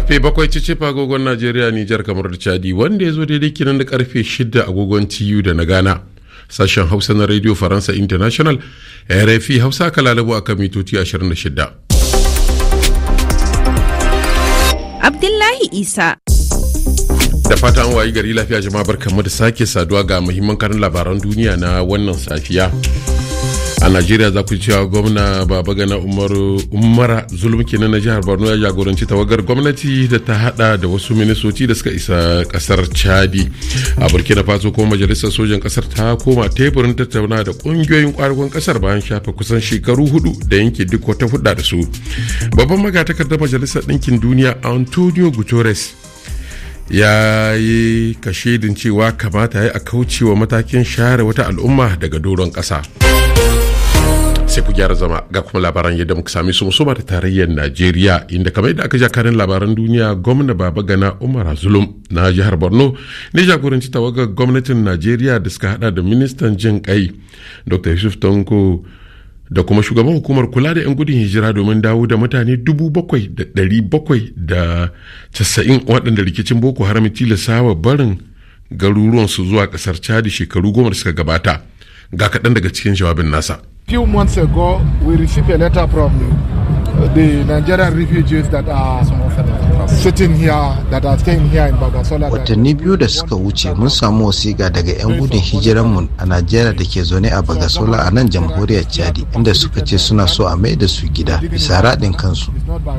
karfe bakwai ce cefa agogon najeriya nijar kamar da chadi wanda ya zo daidai kinan da karfe shida agogon tu da na ghana sashen hausa na radio faransa international rfi hausa ka lalabo a kan mitoci shida. abdullahi isa da fata an wayi gari lafiya jama'a barkamu da sake saduwa ga muhimman karin labaran duniya na wannan safiya a najeriya za ku cewa gwamna babagana umaru umara zulumki na na jihar borno ya jagoranci tawagar gwamnati da ta hada da wasu ministoci da suka isa kasar chadi a burkina faso kuma majalisar sojan kasar ta koma teburin tattauna da kungiyoyin kwarugon kasar bayan shafe kusan shekaru hudu da yanke duk wata hudda da su babban magatakardar majalisar ɗinkin duniya antonio guterres ya yi kashedin cewa kamata ya a kaucewa matakin share wata al'umma daga doron ƙasa. sai ku gyara zama ga kuma labaran yadda muka sami su musamman da tarayyar najeriya inda kamar yadda aka ja karin labaran duniya gwamna baba gana umar zulum na jihar borno ne jagoranci tawagar gwamnatin najeriya da suka hada da ministan jin kai dr yusuf tanko da kuma shugaban hukumar kula da 'yan gudun hijira domin dawo da mutane dubu bakwai da casa'in waɗanda rikicin boko haram wa barin garuruwansu zuwa ƙasar chadi shekaru goma da suka gabata ga kaɗan daga cikin jawabin nasa few months ago, we received a letter from the Nigerian refugees that are sitting here, that are staying here in Bagasola. Watanni biyu da suka wuce mun samu wasiƙa daga 'yan gudun hijiranmu a Najeriya da ke zaune a Bagasola a nan jamhuriyar Chadi, inda suka ce suna so a mai da su gida bisa raɗin kansu.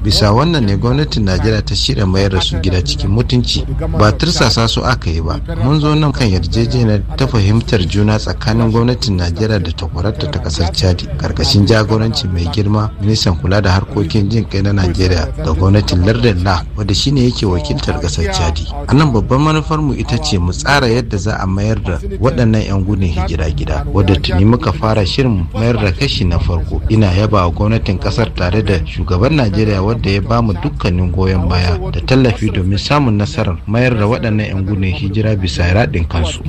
bisa wannan ne gwamnatin najeriya ta shirya mayar da su gida cikin mutunci ba tursasa su aka yi ba mun zo nan kan yarjejeniyar ta fahimtar juna tsakanin gwamnatin najeriya da takwararta ta kasar chadi karkashin jagoranci mai girma ministan kula da harkokin jin kai na najeriya da gwamnatin lardin la wanda shine yake wakiltar kasar chadi a nan babban manufar mu ita ce mu tsara yadda za a mayar da waɗannan 'yan gudun hijira gida wadda tuni muka fara shirin mayar da kashi na farko ina yaba gwamnatin kasar tare da shugaban najeriya najeriya wadda ya bamu dukkanin goyon baya da tallafi domin samun nasarar mayar da waɗannan 'yan gudun hijira bisa raɗin kansu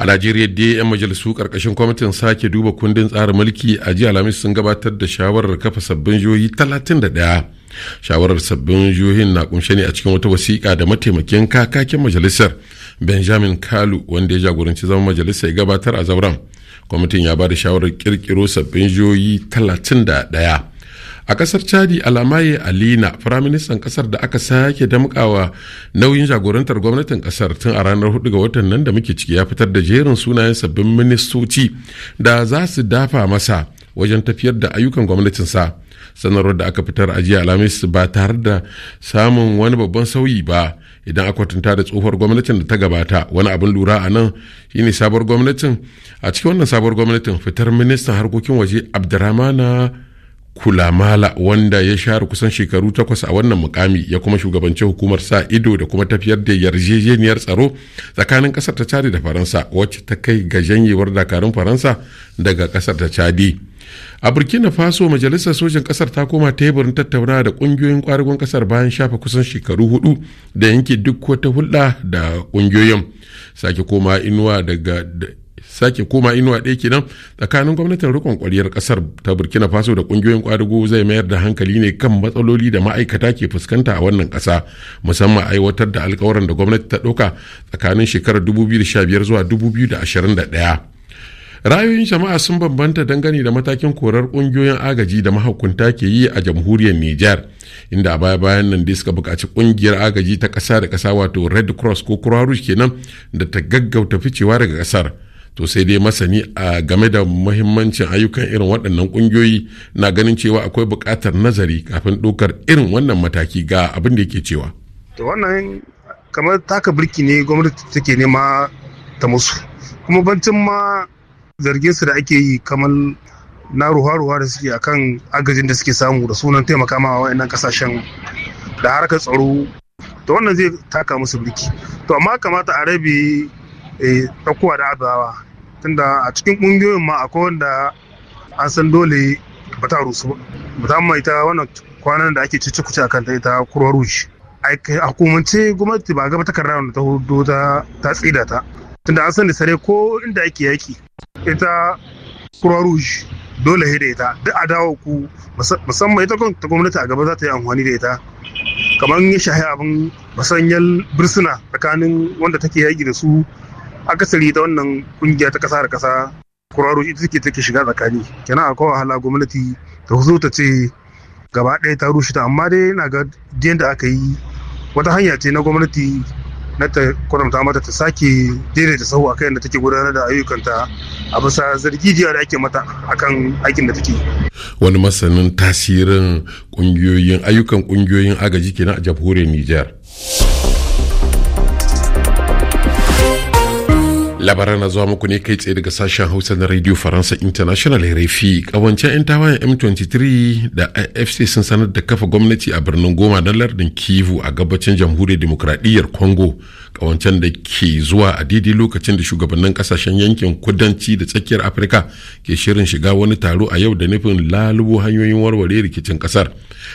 a najeriya dai 'yan majalisu karkashin kwamitin sake duba kundin tsarin mulki a jiya alhamis sun gabatar da shawarar kafa sabbin talatin da 31 shawarar sabbin jihohin na kunshe ne a cikin wata wasiƙa da mataimakin kakakin majalisar benjamin kalu wanda ya jagoranci zaman majalisar ya gabatar a zauren kwamitin ya ba da shawarar kirkiro sabbin jihohi ɗaya a kasar chadi alamaye alina firaministan kasar da aka sake damkawa nauyin jagorantar gwamnatin kasar tun a ranar 4 ga watan nan da muke ciki ya fitar da jerin sunayen sabbin ministoci da za su dafa masa wajen tafiyar da ayyukan gwamnatinsa sanarwar da aka fitar a jiya alhamis ba tare da samun wani babban sauyi ba idan aka kwatanta da tsohuwar gwamnatin da ta gabata wani abin lura a nan shine sabuwar gwamnatin a cikin wannan sabuwar gwamnatin fitar ministan harkokin waje abdurrahmana kulamala wanda ya share kusan shekaru takwas a wannan mukami ya kuma shugabanci hukumar sa ido da kuma tafiyar da yarjejeniyar tsaro tsakanin kasar ta chadi da faransa wacce ta kai ga janyewar dakarun faransa daga kasar ta chadi a burkina faso majalisar sojan kasar ta koma teburin tattauna da kungiyoyin kwarigon kasar bayan shafa kusan shekaru hudu da yanke duk wata hulɗa da kungiyoyin sake koma inuwa daga sake koma inuwa ɗaya kenan tsakanin gwamnatin rikon kwaliyar kasar ta burkina faso da kungiyoyin kwadugo zai mayar da hankali ne kan matsaloli da ma'aikata ke fuskanta a wannan ƙasa musamman aiwatar da alkawaran da gwamnati ta ɗauka tsakanin shekarar 2015 zuwa 2021 ra'ayoyin jama'a sun bambanta dangane da matakin korar kungiyoyin agaji da mahukunta ke yi a jamhuriyar Nijar, inda a baya-bayan nan dai suka buƙaci ƙungiyar agaji ta ƙasa da ƙasa wato Red Cross ko Croix kenan da ta gaggauta ficewa daga ƙasar. To sai dai masani a game da muhimmancin ayyukan irin waɗannan kungiyoyi na ganin cewa akwai buƙatar nazari kafin ɗaukar irin wannan mataki ga abin da yake cewa. To wannan kamar taka birki ne gwamnati take nema ta musu. Kuma bancin ma zarge su da ake yi kamar na ruwa-ruwa da suke a kan agajin da suke samu da sunan taimaka ma wa'annan kasashen da harkar tsaro to wannan zai taka musu birki to amma kamata a rabe eh, ɗaukowa da abawa tunda a cikin ƙungiyoyin ma akwai wanda an san dole ba ta rusu ba ta mai wannan kwanan da ake cice kuce akan ta ita kurwa rushi a hukumance gwamnati ba gaba takarda wanda ta hudu ta tsida ta tunda an san da sare ko inda ake yaki ita croix rouge dole he da ita duk a dawo ku musamman ita ta gwamnati a gaba za ta yi amfani da ita kamar ya shahi abin masanyar birsuna tsakanin wanda take yaƙi da su akasari ta wannan kungiya ta kasa da kasa croix rouge ita take take shiga tsakani kenan akwai wahala gwamnati ta zo ta ce gaba ɗaya ta rushe ta amma dai na ga da aka yi wata hanya ce na gwamnati na ta kwaramta mata ta sake daidaita sahu akan yadda take gudanar da ayyukanta a bisa zargi da ake mata akan aikin da take wani masanin tasirin kungiyoyin ayyukan kungiyoyin agaji kenan a jamhuriyar Nijar labaran na zuwa muku ne kai tsaye daga sashen hausa na radio faransa international rfi kawancen 'yan tawayen m23 da afc sun sanar da kafa gwamnati a birnin goma na lardin kivu a gabacin jamhuriyar demokradiyyar congo wancan da ke zuwa a daidai lokacin da shugabannin kasashen yankin kudanci da tsakiyar afirka ke shirin shiga wani taro a yau da nufin lalubo hanyoyin warware rikicin kasar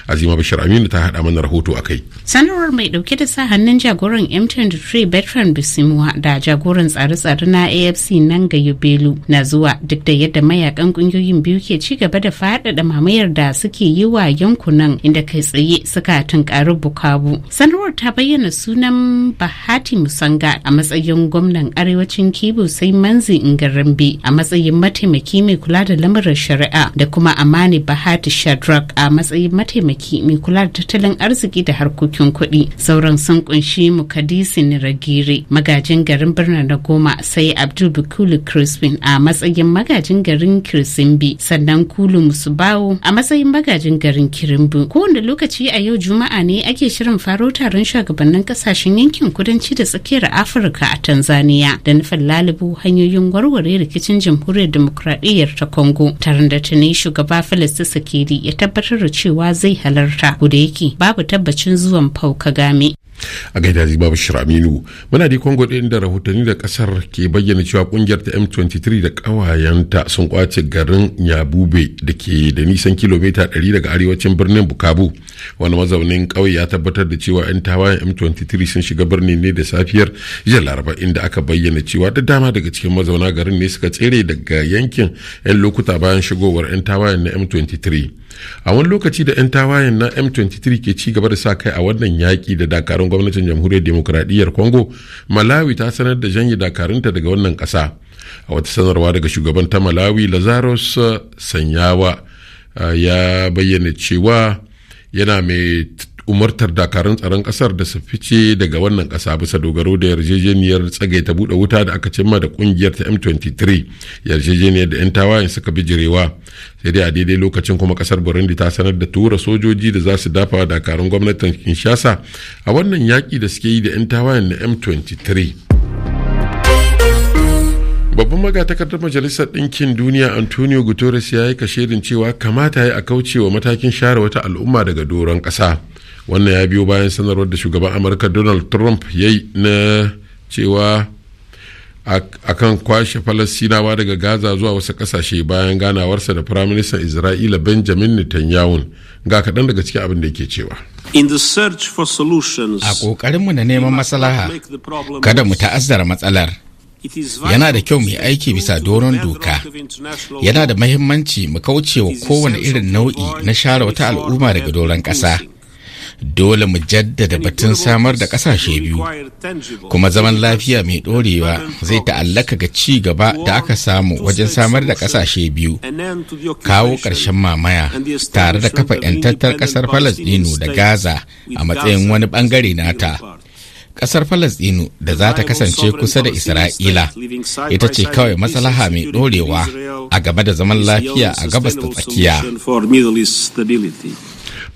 azima bashir aminu ta hada mana rahoto a kai sanarwar mai dauke da sa hannun jagoran m23 bertrand bisimwa da jagoran tsare-tsare na afc nan ga yubelu na zuwa duk da yadda mayakan ƙungiyoyin biyu ke ci gaba da faɗaɗa mamayar da suke yi wa yankunan inda kai tsaye suka tunkari bukabu sanarwar ta bayyana sunan bahati Alhaji Musanga a matsayin gwamnan arewacin Kibu sai Manzi Ngarambe a matsayin mataimaki mai kula da lamuran shari'a da kuma Amani Bahati Shadrack a matsayin mataimaki mai kula da tattalin arziki da harkokin kuɗi. Sauran sun kunshi Mukadisi Niragiri magajin garin Birna na goma sai Abdul Bukulu Crispin a matsayin magajin garin Kirsimbi sannan Kulu Musubawo a matsayin magajin garin Kirimbu. Kowane lokaci a yau Juma'a ne ake shirin faro taron shugabannin kasashen yankin kudanci yammaci da tsakiyar afirka a tanzania da nufin lalubu hanyoyin warware rikicin jamhuriyar demokradiyyar ta congo taron da tuni shugaba felix sakiri ya tabbatar da cewa zai halarta da yake babu tabbacin zuwan paul kagame a gaida babu shiraminu muna da kongo ɗin da rahotanni da ƙasar ke bayyana cewa ƙungiyar ta m23 da ƙawayenta sun kwace garin yabube da ke da nisan kilomita 100 daga arewacin birnin bukabu wani mazaunin ƙauye ya tabbatar da cewa 'yan tawayen m23 sun shiga birnin ne da safiyar jiya laraba inda aka bayyana cewa da dama daga cikin mazauna garin ne suka tsere daga yankin 'yan lokuta bayan shigowar 'yan tawayen na m23 a wani lokaci da 'yan tawayen na m23 ke ci gaba da sa kai a wannan yaƙi da dakarun dakarun gwamnatin jamhuriyar demokuraɗiyyar congo malawi ta sanar da janye dakarunta daga wannan ƙasa a wata sanarwa daga shugaban ta malawi lazarus sanyawa ya bayyana cewa yana mai umartar dakarun tsaron kasar da su fice daga wannan kasa bisa dogaro da yarjejeniyar tsage ta buɗe wuta da aka cimma da kungiyar ta m23 yarjejeniyar da 'yan tawayen suka bijirewa sai dai a daidai lokacin kuma kasar burundi ta sanar da tura sojoji da za su dafa wa dakarun gwamnatin kinshasa a wannan yaƙi da suke yi da 'yan tawayen na m23 babban magatakardar majalisar ɗinkin duniya antonio guterres ya yi kashirin cewa kamata ya a kaucewa matakin share wata al'umma daga doron ƙasa wannan ya biyo bayan sanarwar da shugaban amurka donald trump ya yi na cewa akan kwashe falasinawa daga gaza zuwa wasu kasashe bayan ganawarsa da firaministan isra'ila benjamin netanyahu ga kaɗan daga cikin abin da yake cewa a ƙoƙarinmu na neman maslaha kada mu ta'azzara matsalar yana da kyau mu aiki bisa doron doka yana da mahimmanci mu kauce wa kowane irin nau'i na share wata al'umma daga doron ƙasa dole mu jaddada batun samar da kasashe biyu kuma zaman lafiya mai dorewa zai ta'allaka ga ci gaba da aka samu wajen samar da kasashe biyu kawo ƙarshen mamaya tare da kafa 'yantattar ƙasar falasɗinu da gaza a matsayin wani ɓangare nata kasar falasdinu da za ta kasance kusa da isra'ila ita ce kawai maslaha mai dorewa a gaba da zaman lafiya a gabas da tsakiya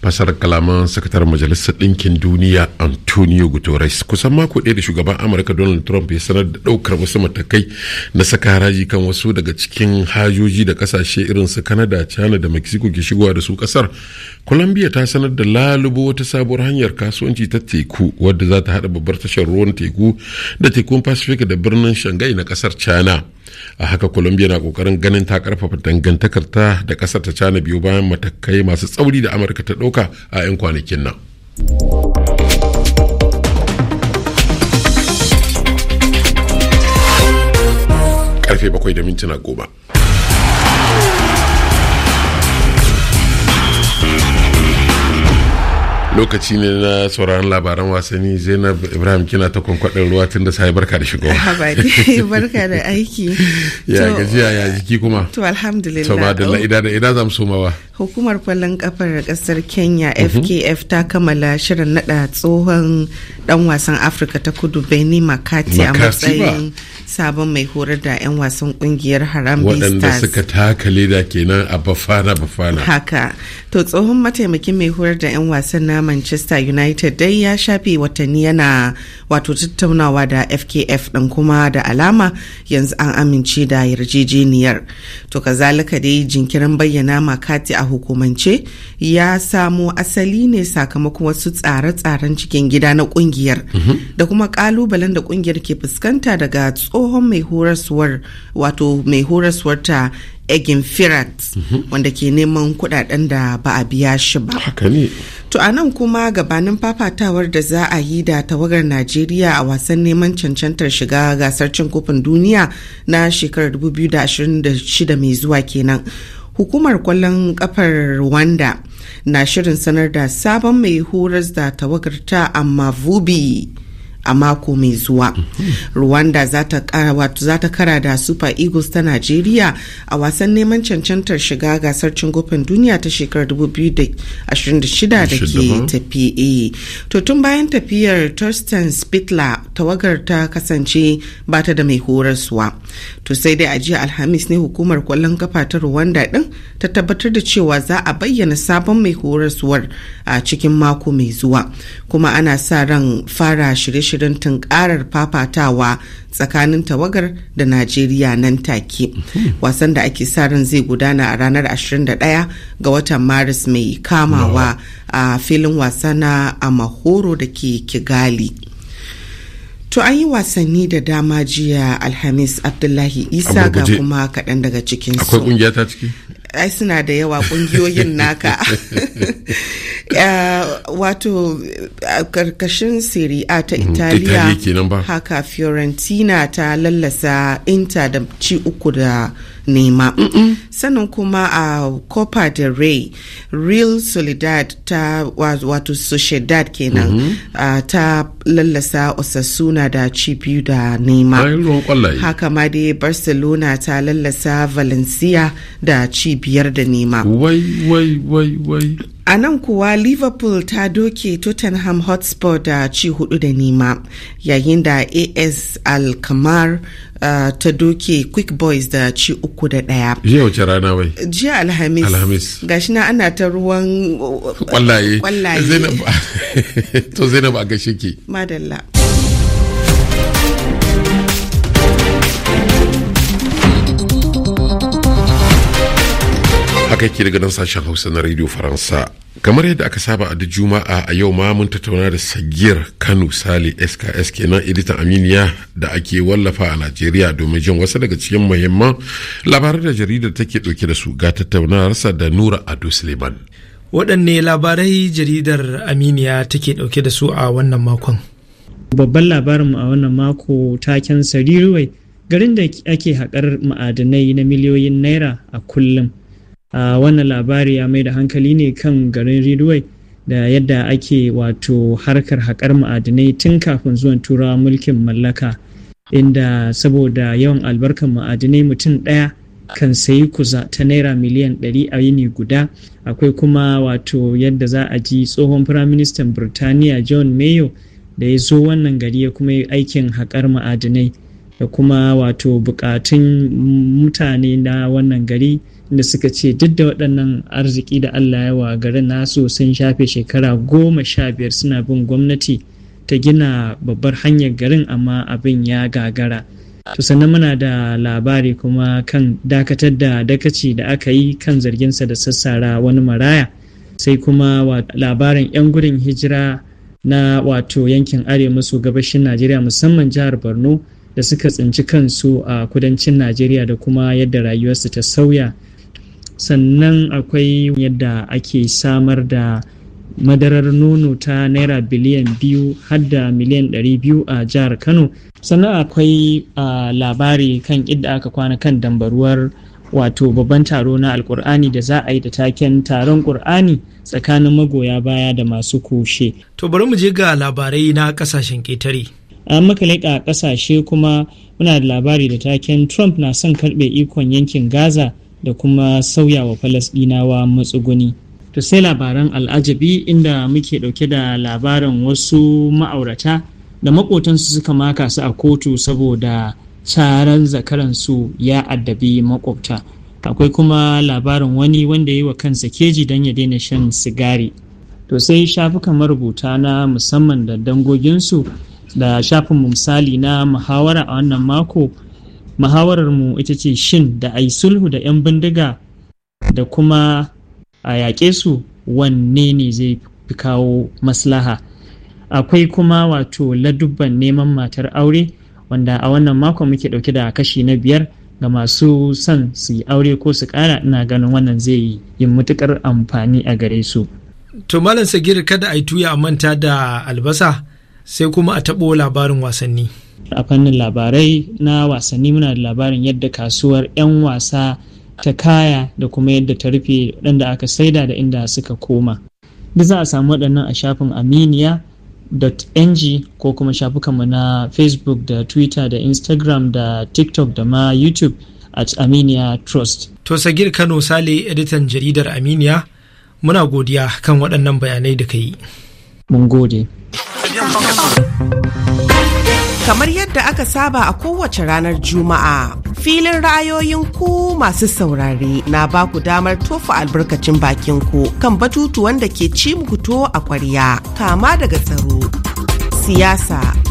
fasar kalaman sakataren majalisar ɗinkin duniya antonio guterres kusan mako ɗaya da shugaban amurka donald trump ya sanar da ɗaukar wasu matakai na saka haraji kan wasu daga cikin hajoji da ƙasashe irin su canada china da mexico ke shigowa da su ƙasar colombia ta sanar da lalubo wata sabuwar hanyar kasuwanci ta teku wadda za ta haɗa babbar tashar ruwan teku da tekun pacific da birnin shanghai na ƙasar china a haka colombia na kokarin ganin ta karfafa dangantakar ta da kasar ta cana biyu bayan matakai masu tsauri da amurka ta ɗauka a 'yan kwanakin nan karfe bakwai da mintuna goma lokaci ne na sauraron labaran wasanni zainab ibrahim kina ta kwankwaɗin ruwa tun da sai barka da shigo barka da aiki ya gajiya ya jiki kuma to alhamdulillah to ba da ida da ida zamu somawa Hukumar kwallon kafar kasar Kenya FKF mhm. ta kammala shirin nada tsohon dan wasan Afirka ta kudu benin Makati a matsayin sabon mai horar da 'yan wasan kungiyar Harambee Stars. Waɗanda suka taka leda kenan a bafana bafana. Haka. To tsohon mataimakin mai horar da 'yan wasan na Manchester United dai ya shafe watanni yana wato tattaunawa da FKF ɗin kuma da alama yanzu an amince da yarjejeniyar. To kazalika dai jinkirin bayyana Makati a hukumance ya samo asali ne sakamakon wasu tsare-tsaren cikin gida na kungiyar da kuma kalubalen da kungiyar ke fuskanta daga tsohon mai horaswar wato mai horaswar ta egin firat wanda ke neman kudaden da ba a biya shi ba to a nan kuma gabanin fafatawar da za a yi da tawagar najeriya a wasan neman cancantar shiga gasar cin kofin duniya na shekarar 2026 mai zuwa kenan hukumar kwallon kafar rwanda na shirin sanar da sabon mai horas da tawagarta a vubi a mako mai zuwa rwanda za ta kara da super eagles ta najeriya a wasan neman cancantar shiga gasar cin gofen duniya ta shekarar 2026 da ke tafi to tun bayan tafiyar Thurston spittler tawagar ta kasance ba ta da mai horaswa to sai dai a jiya alhamis ne hukumar kwallon kafa ta rwanda din ta tabbatar da cewa za a bayyana sabon mai horaswar a cikin mako mai zuwa kuma ana sa ran fara shirye-shirye shirin tunkarar fafatawa tsakanin tawagar da najeriya nan take wasan da ake sa ran zai gudana a ranar 21 ga watan maris mai kamawa a filin wasa na amahoro da ke kigali To an yi wasanni da dama jiya Alhamis Abdullahi Isa ga kuma kaɗan daga cikin su. ai suna da yawa kungiyoyin naka wato karkashin siri A ta mhm, Italiya haka Fiorentina ta lallasa Inter da ci uku da nema mm kuma a uh, copa de rey real solidad ta wato sociedad kenan mm -hmm. uh, ta lallasa osasuna da ci da nema haka ma dai barcelona ta lallasa valencia da cibiyar da nema wai wai wai wai A nan kuwa Liverpool ta doke Tottenham Hotspur da ci hudu da nema yayin da AS Alkamar Uh, ta doke quick boys da ci uku da ɗaya. jiya wace rana bai jiya alhamis alhamis gashi na ana ta ruwan kwallaye zainab to zainab a gashe ke madalla haka ke daga nan sashen hausa na radio faransa kamar yadda aka saba a duk juma'a a yau ma mun tattauna da sagir kano sale sks kenan editan aminiya da ake wallafa a najeriya domin jin wasu daga cikin muhimman labaran da jaridar take dauke da su ga tattaunawarsa da nura ado suleiman waɗanne labarai jaridar aminiya take dauke da su a wannan makon babban labarinmu a wannan mako taken sariruwai garin da ake haƙar ma'adanai na miliyoyin naira a kullum a wannan labari ya mai da hankali ne kan garin Ridway da yadda ake wato harkar haƙar ma'adinai tun kafin zuwan turawa mulkin mallaka inda saboda yawan albarkar ma'adinai mutum ɗaya kan sayi kusa ta naira miliyan 100 a yini guda akwai kuma wato yadda za a ji tsohon firaministan birtaniya john mayo da ya zo wannan gari ya kuma aikin haƙar ma'adinai da kuma wato buƙatun mutane na wannan gari da suka ce duk da waɗannan arziki da Allah ya wa garin nasu sun shafe shekara goma sha biyar suna bin gwamnati ta gina babbar hanyar garin amma abin ya gagara to sannan muna da labari kuma kan dakatar da dakaci da aka yi kan zarginsa da sassara wani maraya sai kuma labarin 'yan gudun hijira na wato yankin arewa maso gabashin najeriya musamman jihar borno da suka tsinci kansu a kudancin najeriya da kuma yadda rayuwarsu ta sauya sannan akwai yadda ake samar da madarar nono ta naira biliyan biyu har da miliyan ɗari biyu a jihar kano sannan akwai labari kan idda aka kwana kan dambaruwar wato babban taro na alkur'ani da za a yi da taken taron ƙur'ani tsakanin magoya baya da masu kushe. to bari mu je ga labarai na kasashen ƙetare an maka ƙasashe kuma muna da labari da taken trump na son karɓe ikon yankin gaza da kuma sauyawa falasɗinawa matsuguni to sai labaran al'ajabi inda muke ɗauke da labarin wasu ma'aurata da maƙotansu suka maka su a kotu saboda caran zakaransu ya addabi maƙwabta akwai kuma labarin wani wanda ya yi wa kansa keji don ya daina shan sigari to sai shafukan marubuta na musamman da dangoginsu da shafin misali na muhawara a wannan mako muhawarar mu ita ce shin da ai sulhu da 'yan bindiga da kuma a yaƙe su wanne ne zai fi kawo maslaha akwai kuma wato ladubban neman matar aure wanda a wannan makon muke ɗauke da kashi na biyar ga masu son su yi aure ko su ƙara ina ganin wannan zai yi matuƙar amfani a gare su. To Malam Sagir kada a yi tuya a manta da albasa sai kuma a taɓo labarin wasanni. a fannin labarai na wasanni muna da labarin yadda kasuwar 'yan wasa ta kaya da kuma yadda ta rufe waɗanda aka saida da inda suka koma duk za a samu waɗannan a shafin aminiya.ng ko kuma shafukanmu na facebook da twitter da instagram da tiktok da ma youtube at aminiya trust to sagir kano sale editan jaridar aminiya muna godiya kan waɗannan bayanai da ka yi mun gode kamar yadda aka saba a kowace ranar Juma'a. Filin ra'ayoyin ku masu saurare na ba ku damar tofa albarkacin bakin ku kan batutuwan da ke ci mu a kwarya, kama daga tsaro, siyasa,